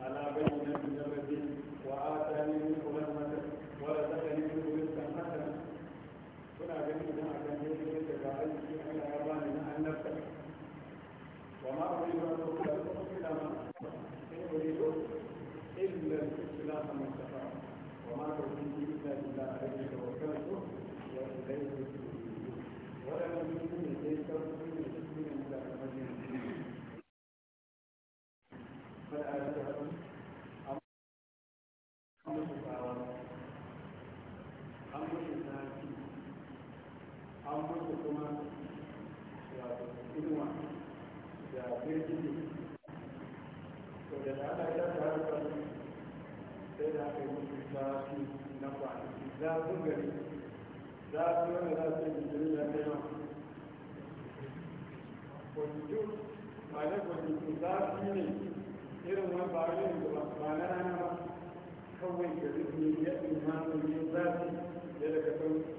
على بينة من ربي وآتاني من kuma wato inuwa da birgin to da na ala ya ta sai da aka yi mutu ta su na kwanaki za su gari za su wanda za su yi jirgin da nema kwanju ba na kwanju za su ne irin wani ba ne ba na rana ba kawai gari ne ya ɗin hannu ne za su ya daga sauki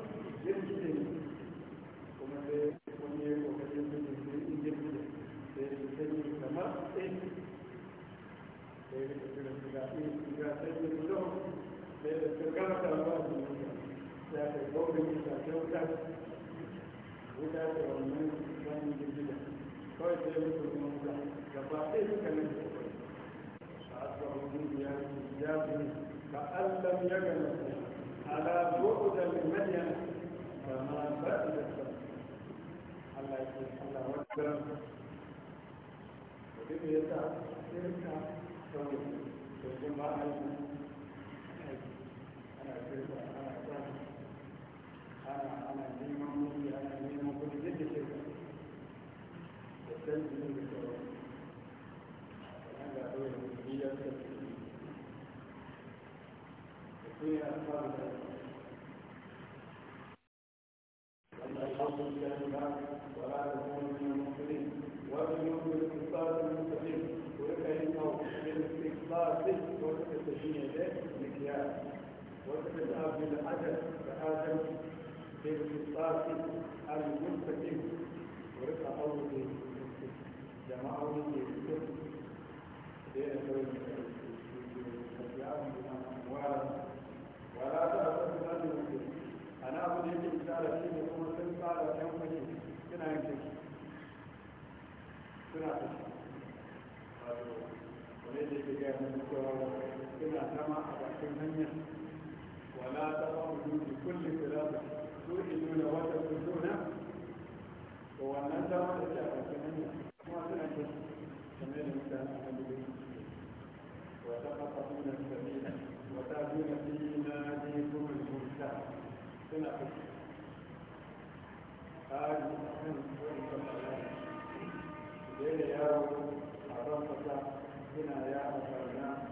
sai wuta da wannan wani jirgin kawai sai mutu kuma wuta gaba ɗaya suka nan da kwai a asibar mutum ya ya fi ka allam ya gana ala zo'u da limaniya ba ma ba da sa Allah ya ce Allah wadda duk da yasa shirka kawai to kuma yi a yi ana yi ana yi ana ana neman mulki ana neman kudi duk da shirka da canji ne da sauran sannan ga ɗaya biyar da suke da kuma ya fara da Allah ya kawo da ba wa la ta kuma min muslimin wa bi yawmil qiyamah muslimin wa kayfa الاستقبال وتتجنيده مكياج وتتذهب بالعدد فآدم بالقصاص المستقيم ورقة أولي جماعة أولي ولا تعرف تأخذ أجركم أنا أقول لك إشارة فيه ثم تنفع لك يوم فيه كنا يمكن كنا وليس بجانب المكوى كنا سمع أبعث المنية ولا تأخذ بكل خلافة تؤمنون وتكفرون وأن ترى تتعلمون وتنجون كما يمكن أن وتقطعون السبيل وتأتون في ناديكم المنكر تنقص هذه أهم سورة الليل يا رب عرفتك هنا يا رب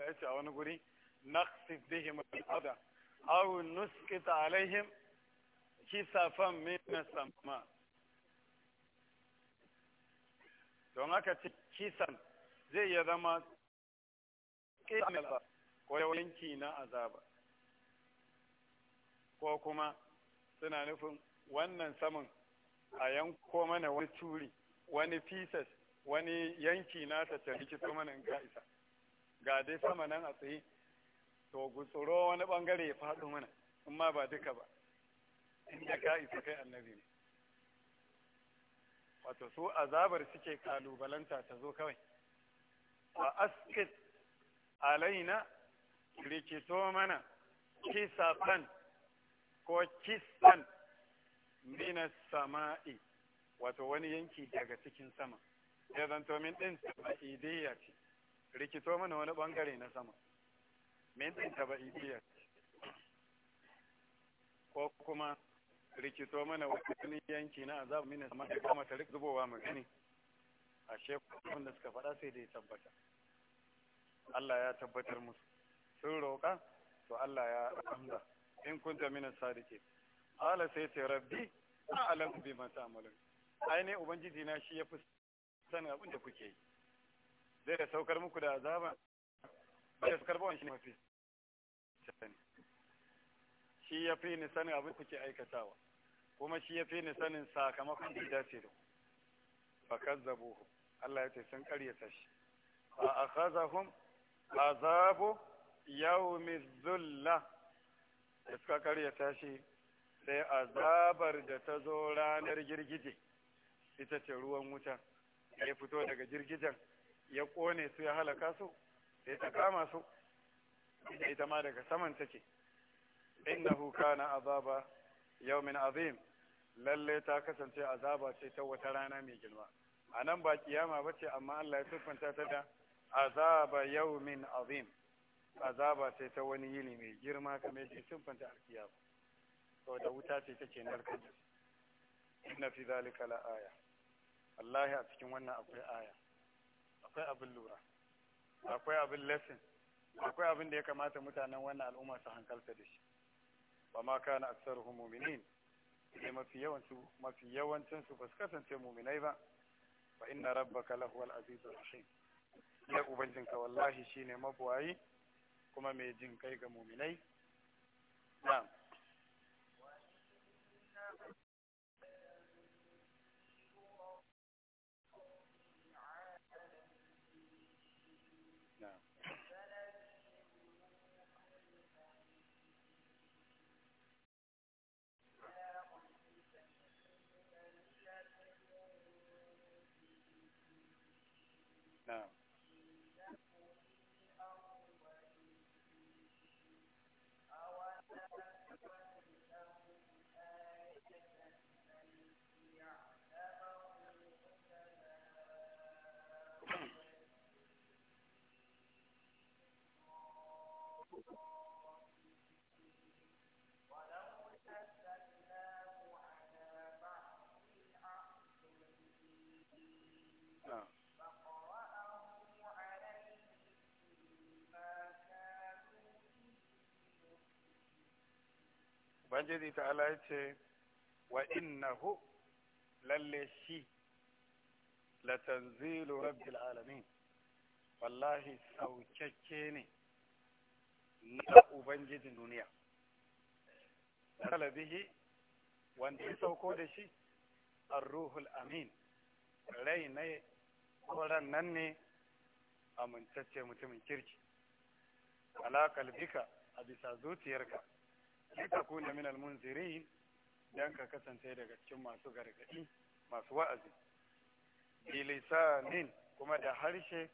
ya ce a wani guri naqsif bihim al-arda aw nusqita alaihim kisafan min as-sama don haka kisan zai ya zama ko yawanci na azaba ko kuma suna nufin wannan saman a yanko mana wani turi wani pieces wani yanki na ta ta rikito mana in isa ga dai sama nan a tsaye to gutsuro wani bangare ya faɗo mana in ma ba duka ba in ya ka isa kai annabi ne wato su azabar suke kalubalanta ta zo kawai wa askit alaina rikito mana kisafan ko kisan minas sama'i wato wani yanki daga cikin sama ya zanto min ɗin taba'idiyya ce rikito mana wani ɓangare na sama min ɗin taba'idiyya ce ko kuma rikito mana wani yanki na azabu min sama da kama ta rik zubowa mu gani ashe kun da suka faɗa sai da ya tabbata Allah ya tabbatar musu sun roƙa to Allah ya amsa in kunta min sadiqin ala sai ce rabbi a'lamu mata ta'malun ainihin ubangiji na shi ya fi sanin abin da kuke yi zai da saukar muku da azaba ba da saukar bawan shi ne mafi sani shi ya fi ni sanin abin kuke aikatawa kuma shi ya fi ni sanin sakamakon da dace da Bakar kazzabuhu Allah ya ce sun karyata shi fa akhazahum azabu yawmi zulla da suka karyata shi sai azabar da ta zo ranar girgije ita ce ruwan wuta ya fito daga girgijen ya kone su ya halaka su sai ta kama su ita ma daga saman take innahu kana azaba yawmin azim lalle ta kasance azaba ce ta wata rana mai girma a nan ba kiyama ba ce amma Allah ya siffanta ta da azaba yawmin azim azaba ce ta wani yini mai girma kamar yake siffanta alkiyama da wuta ce take narkar da inna fi zalika la'aya wallahi a cikin wannan akwai aya akwai abin lura akwai abin lesson akwai abin da ya kamata mutanen wannan al'umma su hankalta da shi ba ma kana aksaruhum mu'minin sai mafi mafi yawancin su basu kasance mu'minai ba fa inna rabbaka lahuwal azizur rahim ya ubangijinka wallahi shine mabuwayi kuma mai jin kai ga mu'minai na'am banjiri ta ala ce wa innahu lalle shi tanzilu rabbil alamin wallahi saukakke ne na ubangijin duniya bihi wanda ya sauko da shi arruhul amin rai ne ran nan ne amintacce mutumin kirki ala kalbika a bisa zuciyarka litakuna min almunzirin dan ka kasance daga cikin masu gargadi masu wa'azi bilisanin kuma da harshe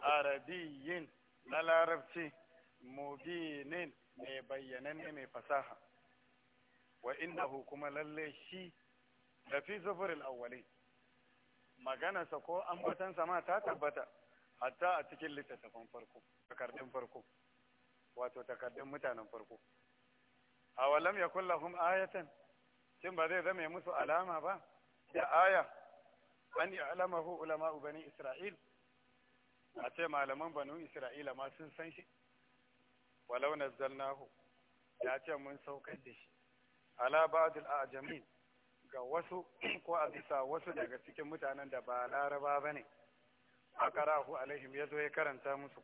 arabiyin na larabci mubinin mai ne mai fasaha wa innahu kuma lalle shi da fi zufuril awwalin maganarsa ko ambatansa ma ta tabbata hatta a cikin littafin farko takardun farko wato takardun mutanen farko awalam ya kullahum ayatan shin ba zai zama musu alama ba da aya an yi alamahu ulama'u bani isra'il a ce malaman banu isra'ila ma sun san shi walau nazzalnahu ya ce mun saukar da shi ala ba'dil a'jamin ga wasu ko a bisa wasu daga cikin mutanen da ba laraba ba A akarahu alaihim zo ya karanta musu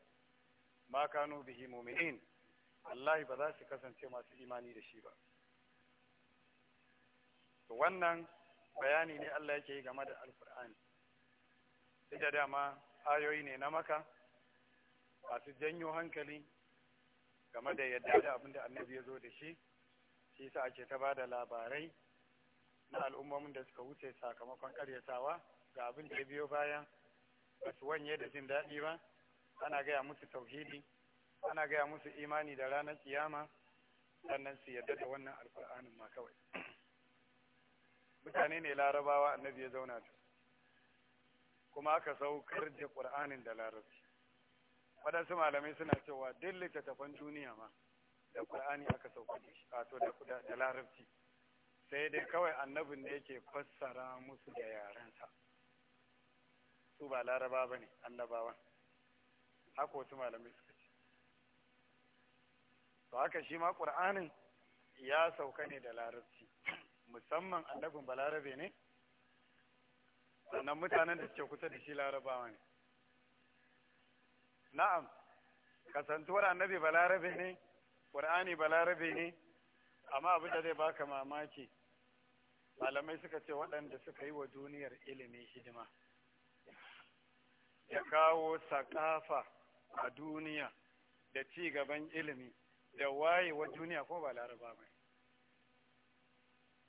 ma kanu bihi mu'minin wallahi ba za su kasance masu imani da shi ba to wannan bayani ne Allah yake yi game da alkur'ani Sai da dama ayoyi ne na maka masu janyo hankali game da yadda da abinda annabi ya zo da shi shi yasa ake ta bada labarai na al'ummomin da suka wuce sakamakon karyatawa ga abin da ya biyo baya ba su wanye da jin daɗi ba ana gaya musu tauhidi ana gaya musu imani da ranar kiyama sannan su yarda da wannan alkur'anin ma kawai mutane ne larabawa annabi ya zauna da kuma aka saukar da ƙur'anin da larabci waɗansu malamai suna cewa duk littattafan duniya ma da ƙur'ani aka saukar da shi wato da larabci sai dai kawai annabin da yake fassara musu da yarensa su ba laraba ba ne annabawan haka wasu malamai suka to haka shi ma ƙur'anin ya sauka ne da larabci musamman annabin balarabe ne sannan mutanen da suke kusa da shi larabawa ne na'am kasantuwar annabi balarabe ne ƙur'ani balarabe ne amma abin da zai baka mamaki malamai suka ce waɗanda suka yi wa duniyar ilimi hidima ya kawo sakafa a duniya da ci gaban ilimi da wayewar duniya ko ba laraba ba ne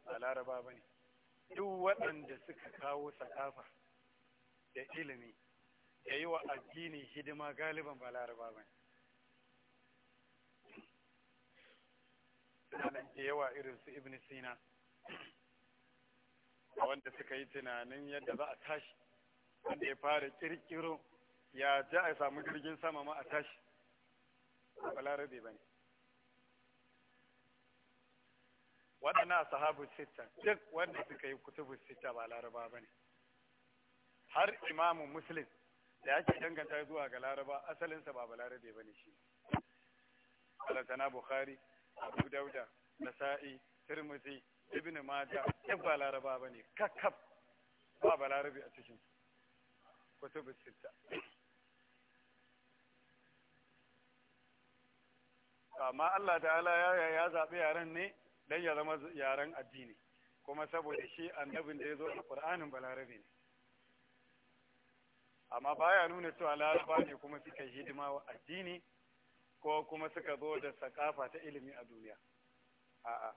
ba laraba ba ne duk waɗanda suka kawo sakafa da ilimi da yi wa addini hidima galiban ba laraba ba ne tunanin da yawa irin su ibn sina a wanda suka yi tunanin yadda za a tashi wanda ya fara kirkiro ya ji a samu jirgin sama ma a tashi a balarabe ba ne waɗannan sahabu sita duk wanda suka yi kutubu sita ba laraba ba ne har imamu muslim da yake danganta zuwa ga laraba asalinsa ba ba larabe ba ne shi alatana bukhari abu dauda nasa'i tirmidhi ibn maja duk ba laraba ba ne kakkaf ba ba larabe a cikin kutubu sita amma Allah ta'ala ya ya zaɓi yaren ne dan ya zama yaren addini kuma saboda shi annabin da ya zo a ƙur'anin balarabe ne amma baya nuna cewa laraba ne kuma suka hidima wa addini ko kuma suka zo da sakafa ta ilimi a duniya a'a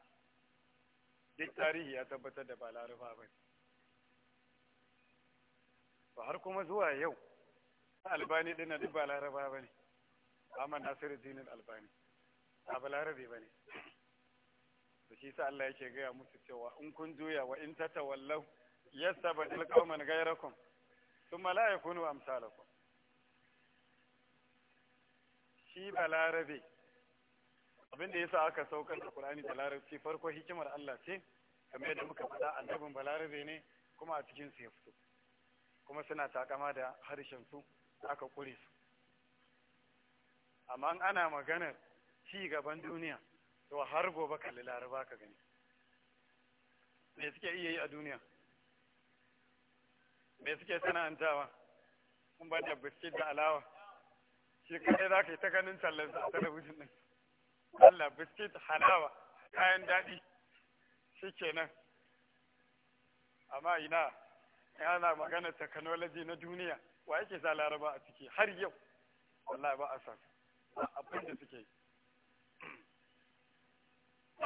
duk tarihi ya tabbatar da ba laraba ba ba har kuma zuwa yau albani din na duk ba laraba ba ne amma nasiru dinin albani a balarabe ba ne da shi sa Allah yake gaya musu cewa in kun juya wa in tatawallaw yastabdil qauman ghayrakum thumma la yakunu amsalakum shi balarabe abin da yasa aka saukar da Qur'ani da larabci farko hikimar Allah ce kamar yadda muka faɗa annabin balarabe ne kuma a cikin su ya fito kuma suna takama da harshen su aka kure su amma ana maganar ci gaban duniya to har gobe kalli laraba ka gani me suke iya yi a duniya me suke sana'antawa kun ba da biskit da alawa shi kai za ka yi ta ganin tallan a talabijin din Allah biskit halawa kayan daɗi shi kenan amma ina yana magana technology na duniya wa yake sa laraba a ciki har yau wallahi ba a san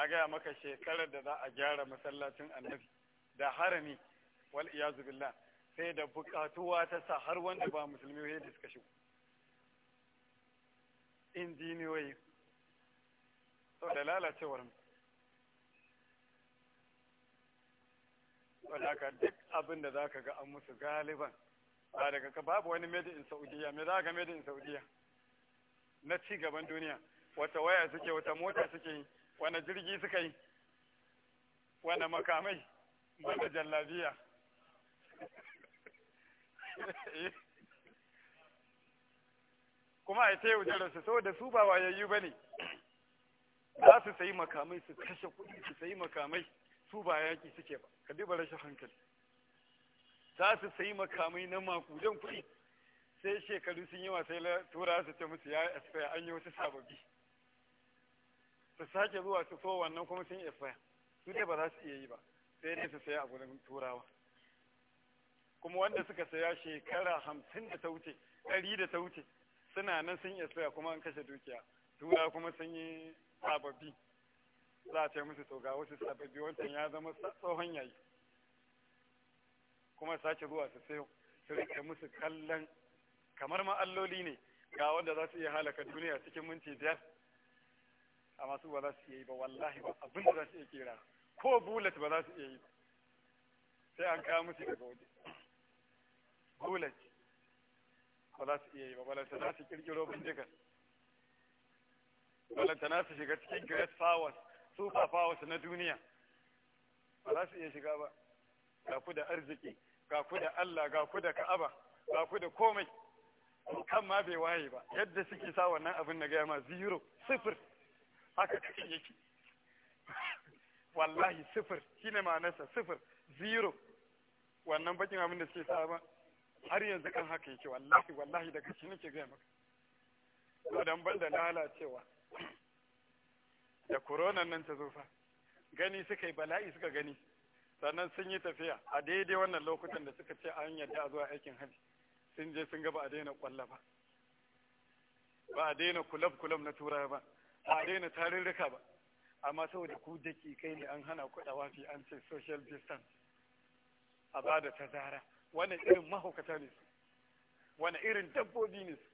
na gaya maka shekarar da za a gyara masallacin annabi da harami wal iyazu billah sai da bukatuwa ta sa har wanda ba musulmi ne da suka shigo injiniyoyi to da lalacewar mu wadaka duk abin da za ka ga an musu galiban ba daga ka babu wani made in saudiya me za ka made in saudiya na ci gaban duniya wata waya suke wata mota suke yi Wane jirgi suka yi wane makamai wane jallabiya kuma a ta yau jararsa saboda su ba wayayyu ba ne za su sayi makamai su kashe kuɗi su sayi makamai su ba yaƙi suke ba ka duba rashin hankali za su sayi makamai na makudan kuɗi sai shekaru sun yi wasai tura su ce musu ya yi an yi wasu sababi su sake zuwa su so wannan kuma sun expire su dai ba za su iya yi ba sai dai su saya a gudun turawa kuma wanda suka saya shekara hamsin da ta wuce ɗari da ta wuce suna nan sun expire kuma an kashe dukiya turawa kuma sun yi sababbi za a ce musu to ga wasu sababbi wancan ya zama tsohon yayi kuma sake zuwa su sayo su rike musu kallon kamar ma alloli ne ga wanda za su iya halaka duniya cikin minti biyar amma su ba za su iya yi ba wallahi ba abin da za su iya kera ko bullet ba za su iya yi ba sai an kawo musu daga waje bullet ba za su iya yi ba balanta za su kirkiro bindigar balanta na su shiga cikin great powers super powers na duniya ba za su iya shiga ba ga ku da arziki ga ku da Allah ga ku da Ka'aba ga ku da komai kan ma bai waye ba yadda suke sa wannan abin na gaya ma zero sifir haka cikin yake wallahi sifir shi ne ma'anarsa sifir zero wannan bakin abin da suke sa har yanzu kan haka yake wallahi wallahi daga shi nake gaya maka to dan da lalacewa da koronan nan ta zo fa gani suka yi bala'i suka gani sannan sun yi tafiya a daidai wannan lokutan da suka ce an yadda a zuwa aikin hajji sun je sun ga ba a daina kwalla ba ba a daina kulab kulab na turawa ba a daina tarurruka ba amma saboda ku daki kai ne an hana ku dawafi an ce social distance a ba da tazara wani irin mahaukata ne su wani irin dabbobi ne su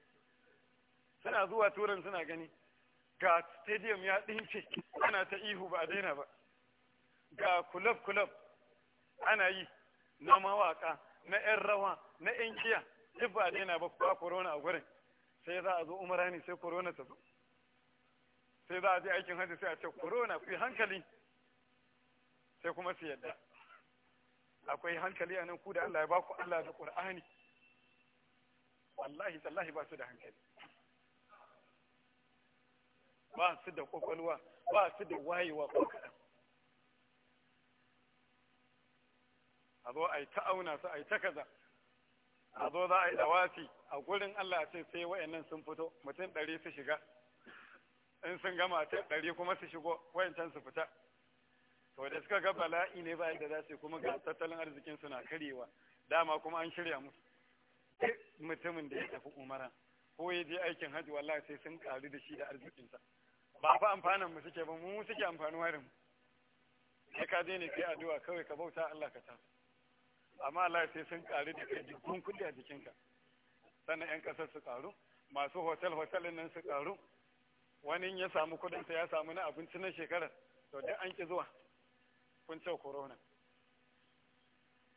suna zuwa turan suna gani ga stadium ya ɗinke ana ta ihu ba a daina ba ga kulab-kulab ana yi na mawaka na 'yan rawa na 'yan kiya duk ba a daina ba ba corona a gurin sai za a zo umara sai corona ta zo sai za a je aikin hajji sai a ce corona ku hankali sai kuma su yadda akwai hankali a nan ku da Allah ya baku Allah da Qur'ani wallahi tallahi ba su da hankali ba su da kokolwa ba su da wayewa ko kaɗan a zo a yi ta auna su a yi ta kaza a zo za a yi dawafi a gurin Allah ce sai wayannan sun fito mutum ɗari su shiga in sun gama ta ɗari kuma su shigo wayancan su fita to da suka ga bala'i ne ba da za su kuma ga tattalin arzikin na karyewa dama kuma an shirya musu mutumin da ya tafi umara ko ya je aikin hajji wallahi sai sun karu da shi da arzikinsa ba fa amfanan mu suke ba mu suke amfanin warin mu sai ka je ne kai addu'a kawai ka bauta Allah ka tafi amma Allah sai sun karu da kai dukkan kudi a jikinka sannan yan ƙasar su karu masu hotel hotel nan su karu wani ya samu kudinsa ya samu na abinci na shekarar to duk an ki zuwa kun ce corona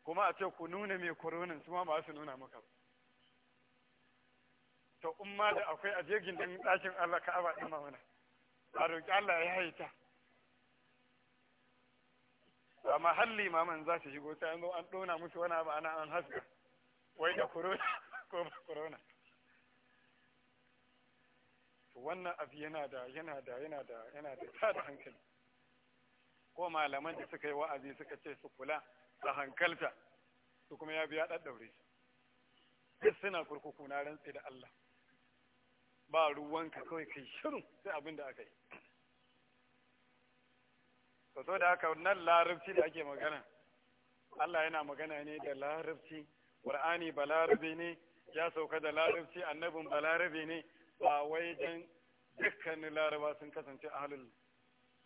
kuma a ce ku nuna mai corona su ma ba su nuna maka to in ma da akwai a jegin din ɗakin Allah aba din mana a roki Allah ya haita amma halli maman za su shigo sai an zo an ɗona musu wani abu ana an haska wai da corona ko ba korona wannan abu yana da yana da yana da yana da da hankali ko malaman da suka yi wa'azi suka ce su kula da hankalta su kuma ya biya ɗaɗɗaure su duk suna kurkuku na rantsi da Allah ba ruwanka kawai kai shirin sai abin da aka yi to da haka nan larabci da ake magana Allah yana magana ne da larabci Qur'ani balarabe ne ya sauka da larabci annabin balarabe ne ba wai dan dukkanin laraba sun kasance ahalul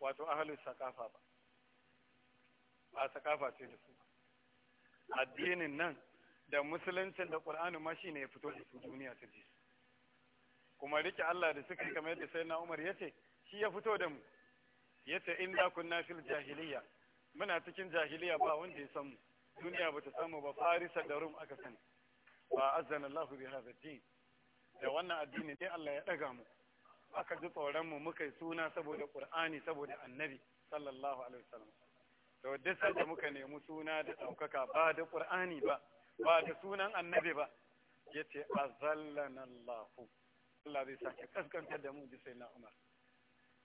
wato ahalul sakafa ba ba sakafa ce da su addinin nan da musuluncin da qur'ani ma shine ya fito da su duniya ta ji kuma rike Allah da suka kamar yadda sai na Umar yace shi ya fito da mu yace inda kunna fil jahiliya muna cikin jahiliya ba wanda ya san mu duniya bata samu ba farisa da rum aka sani ba azana Allah bi hadha din da wannan addini dai Allah ya daga mu aka ji tsoron mu muka yi suna saboda Qur'ani saboda Annabi sallallahu alaihi wasallam to duk da muka nemi suna da daukaka ba da Qur'ani ba ba da sunan Annabi ba yace azallana Allah Allah zai sake kaskantar da mu ji sai na Umar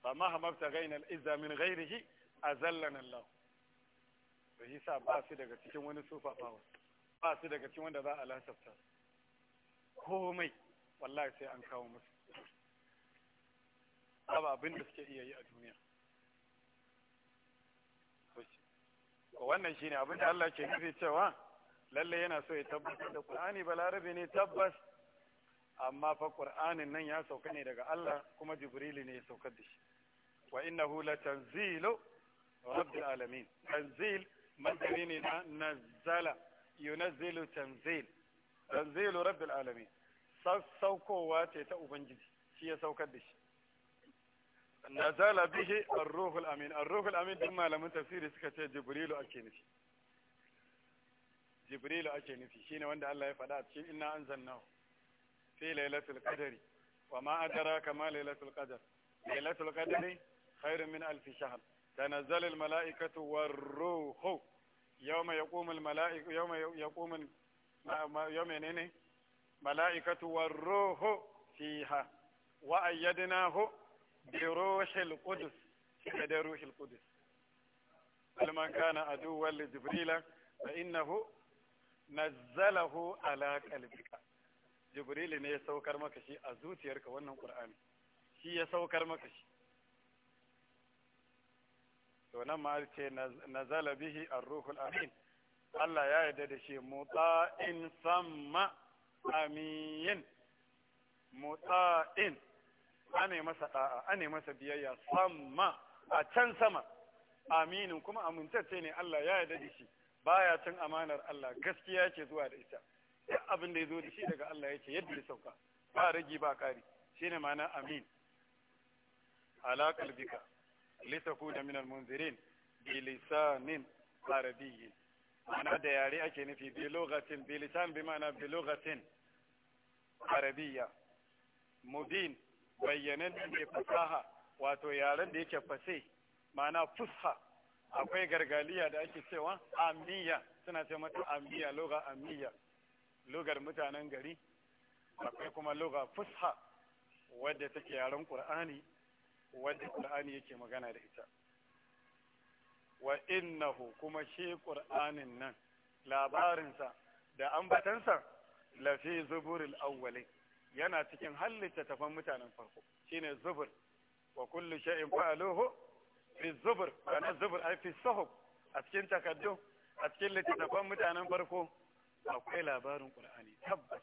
fa ma hamabta gaina al-izza min ghairihi azallana Allah to yasa ba su daga cikin wani sufa power ba su daga cikin wanda za a lasafta komai wallahi sai an kawo musu ba abin da suke iya yi a duniya wannan shine abin da Allah ke nufi cewa lalle yana so ya tabbatar da Qur'ani balarabi ne tabbas amma fa Qur'anin nan ya sauka ne daga Allah kuma Jibrilu ne ya saukar da shi wa innahu tanzilu rabbil alamin tanzil madani ne na nazala yunazzilu tanzil tanzilu rabbil alamin saukowa ce ta ubangiji shi ya saukar da shi nazala bihi ar-ruhul amin ar-ruhul amin din malamin tafsiri suka ce jibrilu ake nufi jibrilu ake nufi shine wanda Allah ya faɗa a cikin inna anzalnahu fi lailatul qadri wa ma adraka ma lailatul qadr lailatul qadri khairun min alf shahr war-ruhu yawma يوم يقوم الملائكة يوم يقوم yawma يوم mala'ikatu warruhu fiha wa ayyadnahu bi ruhil qudus da ruhil qudus man kana aduwwan li jibrila fa innahu nazzalahu ala qalbika jibril ne ya saukar maka shi a zuciyarka wannan qur'ani shi ya saukar maka shi to nan ma ce nazala bihi ar-ruhul amin Allah ya yarda da shi muta'in samma amin mutsa'in ane masa da'a ane masa biyayya samma a can sama aminin kuma amintacce ne Allah ya yarda da shi baya cin amanar Allah gaskiya ce zuwa da ita duk abin da ya zo da shi daga Allah yake yadda ya sauka ba ragi ba kari shine ma'ana amin ala qalbika litakuna min almunzirin bi lisanin arabiyyin ma'ana da yare ake nufi bilogatin bilisan bi ma'ana bilogatin arabiya mubin bayyanan da ke fasaha wato yaren da yake fase ma'ana fusha akwai gargaliya da ake cewa amiya suna ce mata amiya loga amiya logar mutanen gari akwai kuma loga fusha wadda take yaren qur'ani wadda qur'ani yake magana da ita wa innahu kuma shi ƙur'anin nan labarinsa da ambatansa lafi zuburil awwalin yana cikin hallita tafan mutanen farko shine zubur wa kullu shay'in fa'aluhu fi zubur kana zubur ai fi sahab a cikin takaddu a cikin littattafan mutanen farko akwai labarin qur'ani tabbas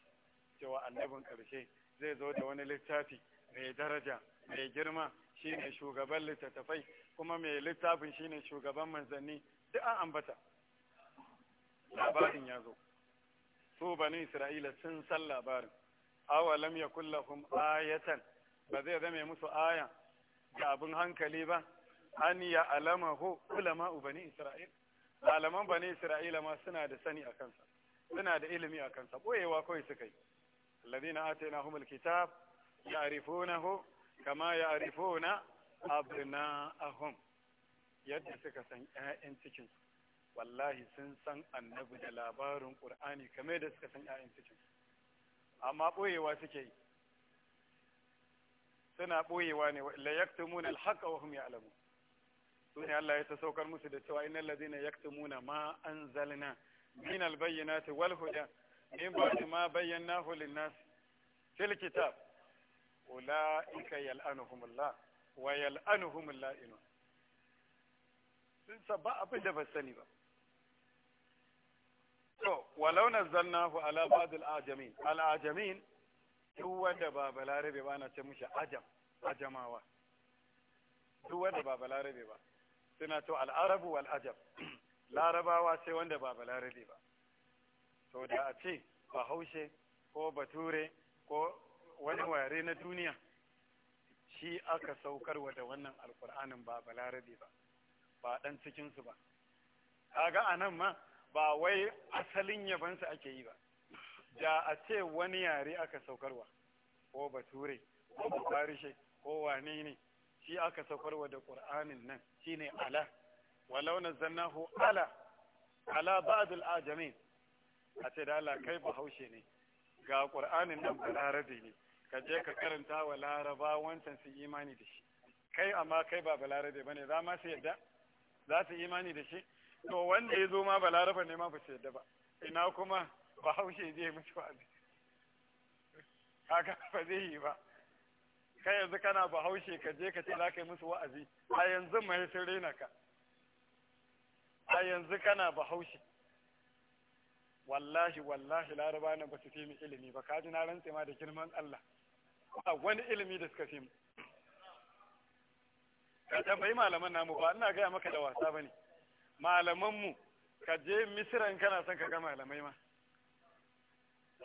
cewa annabin karshe zai zo da wani littafi mai daraja mai girma shine shugaban littattafai kuma mai littafin shine shugaban manzanni duk an ambata labarin ya zo su bani isra'ila sun san labarin awalam ya kullahum ayatan ba zai zame musu aya da abin hankali ba an ya ko ulama bani isra'ila malaman bani isra'ila ma suna da sani a kansa suna da ilimi a kansa boyewa kawai suka yi alladhina atainahumul kitab ya'rifunahu kama ya arifuna abna'ahum yadda suka san ƴaƴan cikinsu wallahi sun san annabu da labarin qur'ani kame da suka san ƴaƴan cikinsu amma ɓoyewa suke yi suna ɓoyewa ne la yaktumuna al-haqa wa hum ya'lamun sune Allah ya ta saukar musu da cewa innal ladina yaktumuna ma an anzalna min al ta wal huda min ba'di ma bayyana lin-nas fil kitab ula'ika yal'anuhumullah wa yal'anuhumul la'inun sun ba abin da ba sani ba to walau nazzalnahu ala ba'd al-ajamin al-ajamin duk wanda ba balarabe ba na ce mushi ajam ajamawa duk wanda ba balarabe ba suna to al'arabu wal ajam larabawa sai wanda ba balarabe ba to da a ce bahaushe ko bature ko yare na duniya shi aka saukarwa da wannan alkur'anin ba balarabe ba ba dan cikinsu ba kaga anan ma ba wai asalin yabansa ake yi ba ja a ce wani yare aka saukarwa ko bature ko bafarishe ko wane ne shi aka saukarwa da ƙur'anin nan shine ala walau nazzalnahu ala ala ba'd al-ajamin a ce da Allah kai bahaushe ne ga ƙur'anin nan balarabe ne ka je ka karanta wa laraba wancan su imani da shi kai amma kai ba balarabe bane za ma su yadda za su imani da shi to wanda ya zo ma balaraba ne ma ba su yadda ba ina kuma ba haushe zai mutu a haka ba zai yi ba kai yanzu kana ba haushe ka je ka ce za ka yi musu wa'azi a yanzu mai sun rena ka a yanzu kana ba haushe wallahi wallahi laraba nan ba su fi mu ilimi ba kaji na rantse ma da girman Allah a wani ilimi da suka fi mu ka tambayi malaman namu ba ina gaya maka da wasa bane malaman mu ka je misira in kana son ka ga malamai ma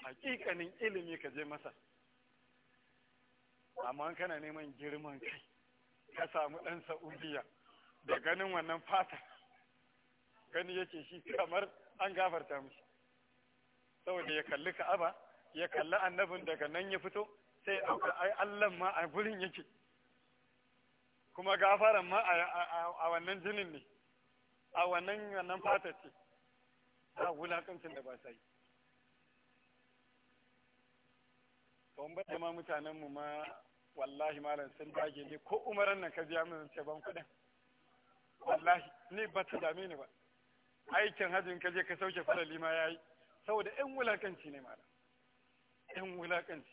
hakikanin ilimi ka je masa amma kana neman girman kai ka samu dan sa'udiya da ganin wannan fata gani yake shi kamar an gafarta mishi saboda ya kalli ka'aba ya kalli annabin daga nan ya fito sai ya ai allan ma a gurin yake kuma gafaran ma a wannan jinin ne a wannan wannan fatar ce a wulakancin da ba sai yi ban ma mutanen mu ma wallahi malam sun dage ne ko umaran nan ka biya min ce ban kuɗin wallahi ni ba ta dame ni ba aikin hajjin ka je ka sauke fara lima yayi saboda yan wulakanci ne malam yan wulakanci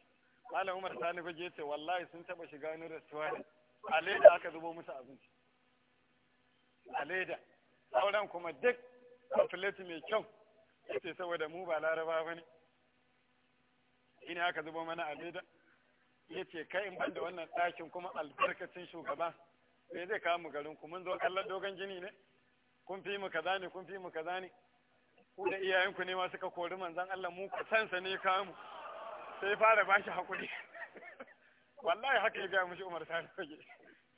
malam umar sani je ce wallahi sun taba shiga wani restaurant a leda aka zubo musu abinci a leda sauran kuma duk a mai kyau yace saboda mu ba laraba ba ne ina aka zubo mana a leda yace kai in ban da wannan ɗakin kuma albarkacin shugaba me zai kawo mu garin ku mun zo kallon dogon jini ne kun fi mu kaza ne kun fi mu kaza ne ku da iyayenku ne ma suka kori manzon Allah mu ku san sa ne kamu sai fara bashi hakuri wallahi haka ya ga mushi Umar Sani fage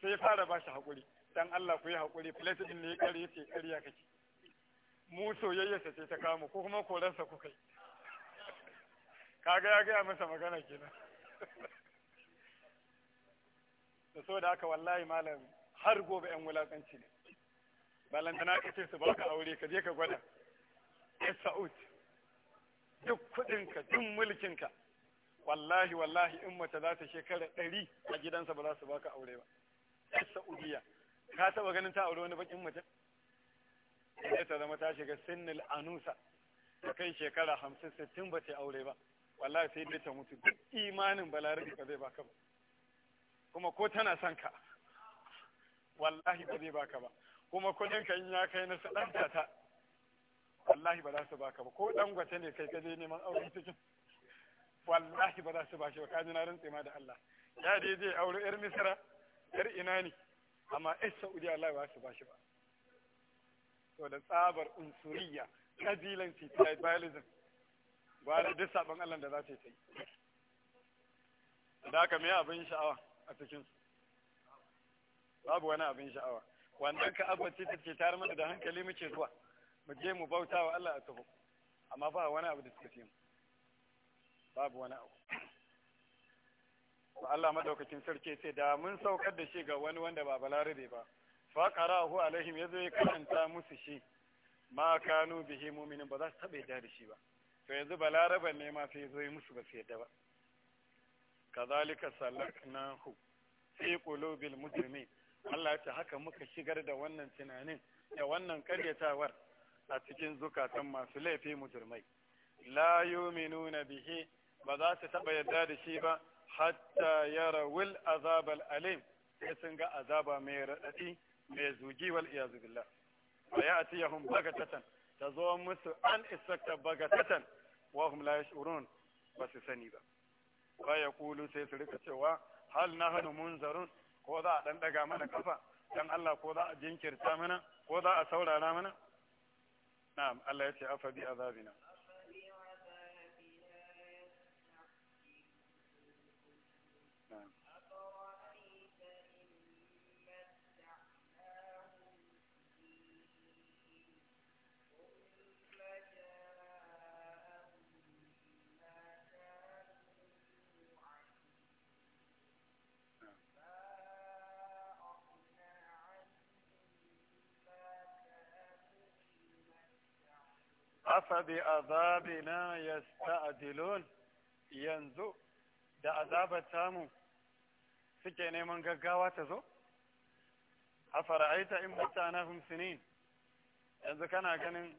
sai fara bashi hakuri dan Allah ku yi hakuri plate din ne kare yace kariya kake mu soyayyarsa ce ta kamu ko kuma sa ku kai kaga ya gaya masa magana kenan da so da haka wallahi malam har gobe yan wulakanci ne balantana ka ce su baka aure ka je ka gwada ya sa'ud duk kudinka duk mulkinka wallahi wallahi in mace za ta shekara ɗari a gidansa ba za su baka aure ba ya sa'udiya ka taɓa ganin ta aure wani bakin mace ya ta zama ta shiga sinnil anusa ta kai shekara hamsin sittin ba ta aure ba wallahi sai dai ta mutu duk imanin balarabi ba zai baka ba kuma ko tana son ka wallahi ba zai baka ba kuma kudin ka in ya kai na sadanta ta wallahi ba za su baka ba ko dan ne kai kaje neman auren cikin wallahi ba za su bashi ba ka ji na rantse ma da Allah ya dai zai aure yar misra yar ina ne amma yar saudi Allah ba su bashi ba to da tsabar unsuriya kabilanci tribalism gwara duk saban Allah da za su yi da haka mai abin sha'awa a cikin su babu wani abin sha'awa wanda ka abace ta ce tare mana da hankali muke zuwa mu je mu bauta wa Allah a taho amma ba wani abu da suka fi mu babu wani abu Allah madaukakin sarki sai da mun saukar da shi ga wani wanda ba balarabe ba fa qarahu alaihim yazo ya karanta musu shi ma kanu bihi mu'minin ba za su taɓa da shi ba to yanzu balaraban ne ma sai zo yi musu ba sai yarda ba kazalika salaknahu fi qulubil mujrimin Allah ya haka muka shigar da wannan tunanin da wannan karyatawar a cikin zukatan masu laifi mujirmai la yu'minuna bihi ba za su taba yadda da shi ba hatta yara wil azabal alim sai sun ga azaba mai raɗaɗi mai zugi wal iyazu billah wa ya'tiyahum bagatatan ta zo musu an isakta bagatatan wa hum la yash'urun ba su sani ba wa Kulu sai su rika cewa hal nahnu munzarun ko za a dan daga mana kafa dan Allah ko za a jinkirta mana ko za a saurara mana na'am Allah ya ce afa bi azabina a afabi azabina yasta'dilun yanzu da azabar tamu suke neman gaggawa ta zo a fara'aita in mutanahum sinin yanzu kana ganin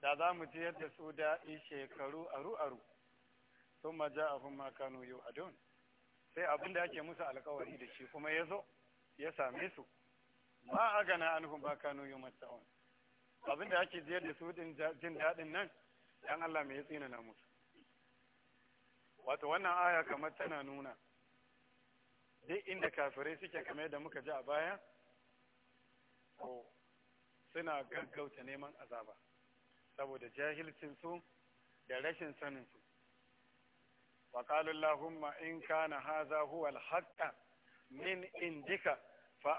da za mu ji yadda su dai shekaru aru-aru sun maja abin makano yau a don sai abin da ake musu alkawari da shi kuma ya zo ya same su ma a gana an hun makano yau matsawon abin da ake jiyar da su jin daɗin nan ɗan Allah mai tsina na musu wato wannan aya kamar tana nuna duk inda kafirai suke kamar da muka ji a baya to suna gaggauta neman azaba saboda jahilcin su da rashin sanin su wa qalu allahumma in kana haza, huwa al min indika fa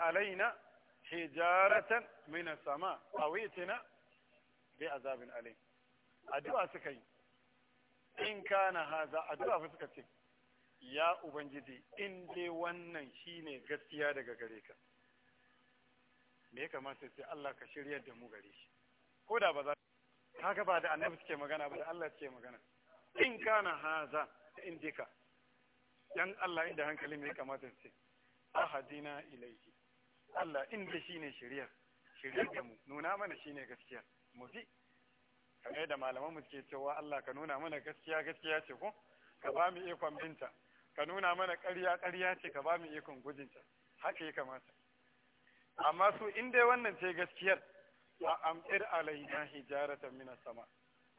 alaina hijaratan min sama awitina bi azabin alim addu'a suka yi in kana haza addu'a fa suka ce ya ubangiji in dai wannan shine gaskiya daga gare ka me ya kamata sai Allah ka shiryar da mu gare shi ko da ba za kaga ba da annabi suke magana ba da Allah suke magana in kana haza in dika dan Allah inda hankali me ya kamata sai ahadina ilaihi Allah inda shi ne shiryar da mu nuna mana shi ne gaskiya mu bi kamar da malaman mu ke cewa Allah ka nuna mana gaskiya gaskiya ce ko ka ba mu ikon binta ka nuna mana ƙarya ƙarya ce ka ba mu ikon gujinta haka ya kamata amma su in dai wannan ce gaskiyar a amir na hijaratan min sama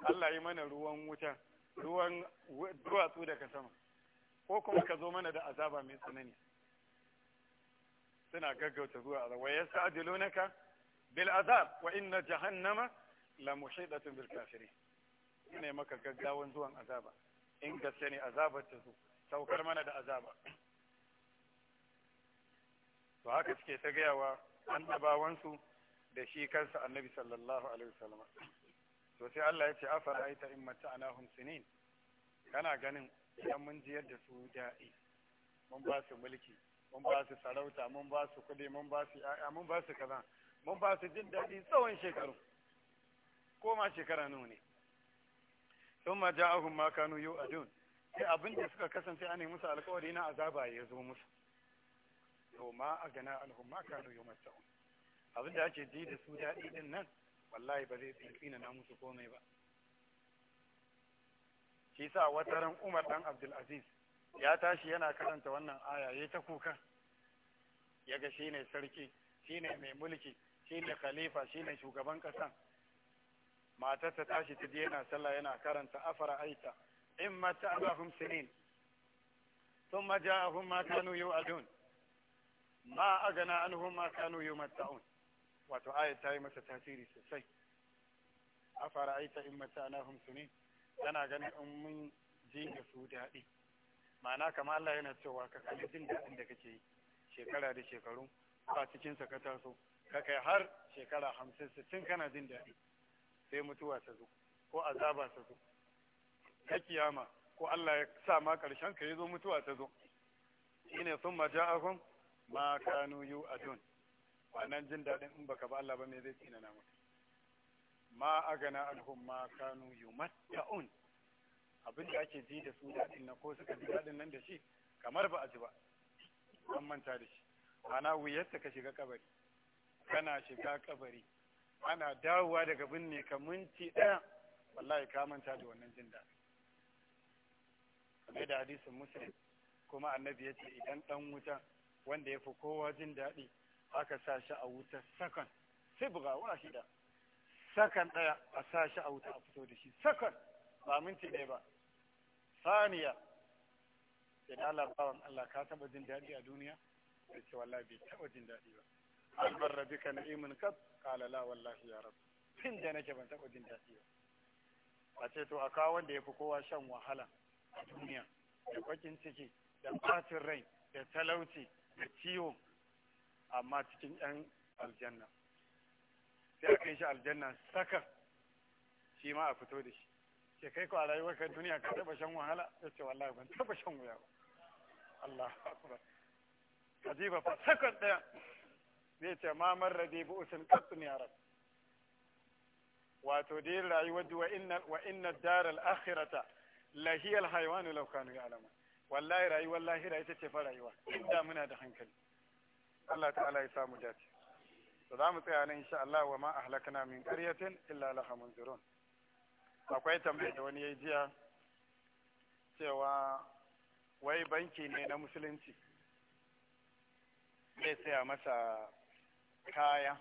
Allah yi mana ruwan wuta ruwan duwatsu daga sama ko kuma ka zo mana da azaba mai tsanani suna gaggauta zuwa azab wa yasta'dilunaka bil azab wa inna jahannama la muhidatun bil kafirin ne maka gaggawan zuwan azaba in gaske ne azabar ta zo saukar mana da azaba to haka suke ta gayawa annabawansu da shi kansa annabi sallallahu alaihi wasallam to sai Allah ya ce afara in mata'anahum sinin kana ganin idan mun jiyar da su da'i mun ba su mulki mun ba su sarauta mun ba su kuɗi mun ba su ya'ya mun ba su kaza mun ba su jin daɗi tsawon shekaru ko ma shekara nawa ne sun ma ja'ahum ma kanu yu'adun sai abin da suka kasance an musu alkawari na azaba ya zo musu to ma a gana alhum ma kanu yumatta'un abin da ake ji da su daɗi din nan wallahi ba zai tsina na musu komai ba shi sa wataran Umar dan Abdul Aziz ya tashi yana karanta wannan aya ya ta kuka shi ne sarki ne mai mulki shi ne khalifa shi ne shugaban kasan matar ta tashi ta je yana sallah yana karanta afara aita in mata abahum sinin ثم جاءهم ما كانوا يوعدون ما ma kanu yi كانوا un. wato aya ta yi masa tasiri sosai afara aita in mata'anahum sunin tana ganin in mun ji da su daɗi ma'ana kamar Allah yana cewa ka kalli jin daɗin da kake yi shekara da shekaru ba cikin sa ka taso ka kai har shekara hamsin sittin kana jin daɗi sai mutuwa ta zo ko azaba ta zo ka kiyama ko Allah ya sa ma ƙarshen ka ya zo mutuwa ta zo shine sun ma ja'akum ma kanu yu'adun wannan jin daɗin in baka ba Allah ba me zai tsina na mutu ma agana anhum ma kanu yumatta'un abin da ake ji da su daɗin na ko suka ji daɗin nan da shi kamar ba a ji ba an manta da shi ana wuyarta ka shiga kabari kana shiga kabari ana dawowa daga binne ka minti ɗaya wallahi ka manta da wannan jin daɗi kamar da hadisin muslim kuma annabi ya ce idan ɗan wuta wanda ya fi kowa jin daɗi aka sa shi a wuta sakan sai buga wa shida sakan ɗaya a sa shi a wuta a fito da shi sakan ba minti ɗaya ba saniya sai da Allah Allah ka taba jin daɗi a duniya sai ce wallahi bai taba jin daɗi ba albarra na na'imin kat qala la wallahi ya rab tun da nake ban taba jin daɗi ba a ce to a kawo wanda ya fi kowa shan wahala a duniya da bakin ciki da ɓacin rai da talauci da ciwo amma cikin 'yan aljanna sai a kai shi aljanna saka shi ma a fito da shi ce kai ko a rayuwar ka duniya ka taba shan wahala ya ce wallahi ban taba shan wuya ba Allah akbar kajiba fa sakon daya zai ce ma marra dai bu usin kattun ya rab wato dai rayuwar wa inna wa inna daral akhirata lahiyal haywanu law kanu ya'lamun wallahi rayuwar lahira ita ce fa rayuwa inda muna da hankali Allah ta'ala ya samu dace to za mu tsaya nan insha Allah wa ma ahlakna min qaryatin illa laha munzirun akwai tambayar da wani ya jiya cewa wai banki ne na musulunci zai saya masa kaya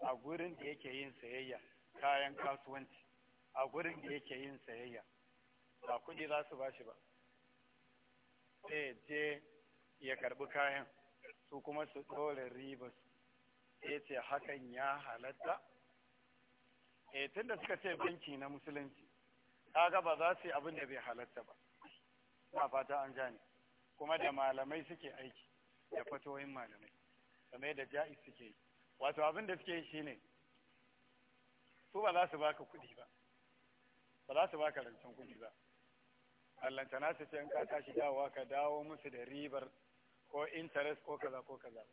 a gurin da yake yin sayayya kayan kasuwanci a gurin da yake yin sayayya ba kudi za su ba shi ba sai je ya karbi kayan su kuma su dole ribas ya ce hakan ya halatta eh tunda suka ce banki na musulunci kaga ba za su yi abin da bai halatta ba ina fata an jani kuma da malamai suke aiki da fatoyin malamai kamar da ja'i suke yi wato abin da suke yi shine su ba za su baka kuɗi ba ba za su baka rancen kuɗi ba allantana su ce in ka tashi dawowa ka dawo musu da ribar ko interest ko kaza ko kaza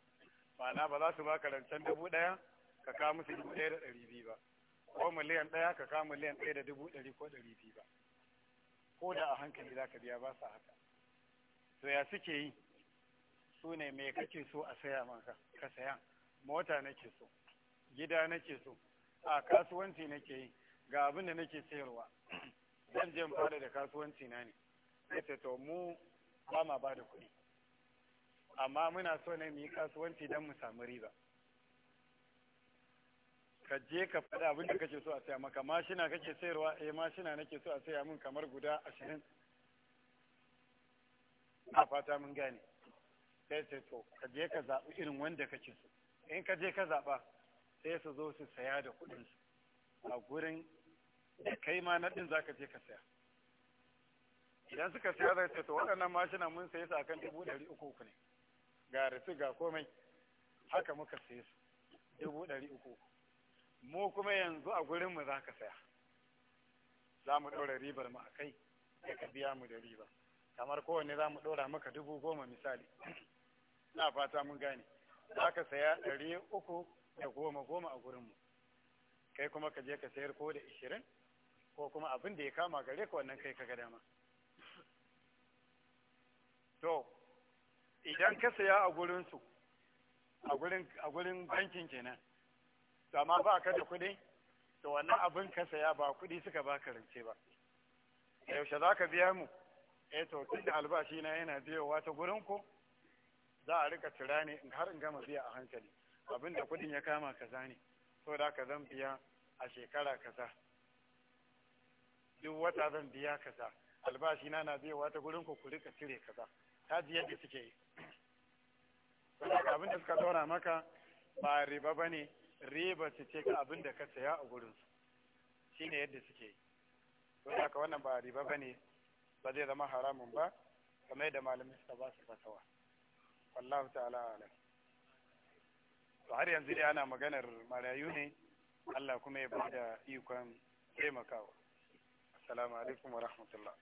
ma'ana ba za su baka rancen dubu ɗaya ka kawo musu dubu ɗaya da ɗari biyu ba ko miliyan ɗaya ka kawo miliyan ɗaya da dubu ɗari ko ɗari biyu ba ko da a hankali za ka biya ba sa haka to ya suke yi su ne me kake so a saya maka ka saya mota nake so gida nake so a kasuwanci nake yi ga abin da nake sayarwa zan je fara da kasuwanci na ne sai to mu ba ma ba da kuɗi amma muna so ne mu yi kasuwanci don mu samu riba ka je ka faɗi abin da kake so a saya maka mashina kake sayarwa eh mashina nake so a saya min kamar guda ashirin a fata mun gane sai sai to ka je ka zaɓi irin wanda kake so in ka je ka zaɓa sai su zo su saya da kuɗin su a gurin da kai ma na ɗin zaka je ka saya idan suka saya zai ce to waɗannan mashina mun saye su akan dubu ɗari uku uku ne ga rufi ga komai haka muka saye su dubu ɗari uku uku mu kuma yanzu a gurinmu za ka saya za mu ɗora ribar mu a kai da ka biya mu da riba kamar kowane za mu ɗora maka dubu goma misali na fata mun gane za ka saya ɗari uku da goma goma a gurinmu kai kuma ka je ka sayar ko da ishirin ko kuma abin da ya kama gare ka wannan kai ka ga dama to idan ka saya a gurinsu a gurin bankin kenan to amma ba ka da kuɗi to wannan abin ka saya ba kuɗi suka ba ka rance ba yaushe za ka biya mu eh to tun da albashi na yana biyowa ta gurin ku za a rika tura ne har in gama biya a hankali abin da kuɗin ya kama kaza ne to da ka zan biya a shekara kaza duk wata zan biya kaza albashi na na biyowa ta gurin ku ku rika cire kaza ta ji yadda suke yi abin da suka zauna maka ba riba ba ne riba su ce ka abin da ka saya a su shi ne yadda suke yi don haka wannan ba riba ba ne ba zai zama haramun ba kamar da malamin suka ba su fasawa wallahu ta'ala ala to har yanzu dai ana maganar marayu ne Allah kuma ya bada ikon taimakawa assalamu alaikum wa rahmatullah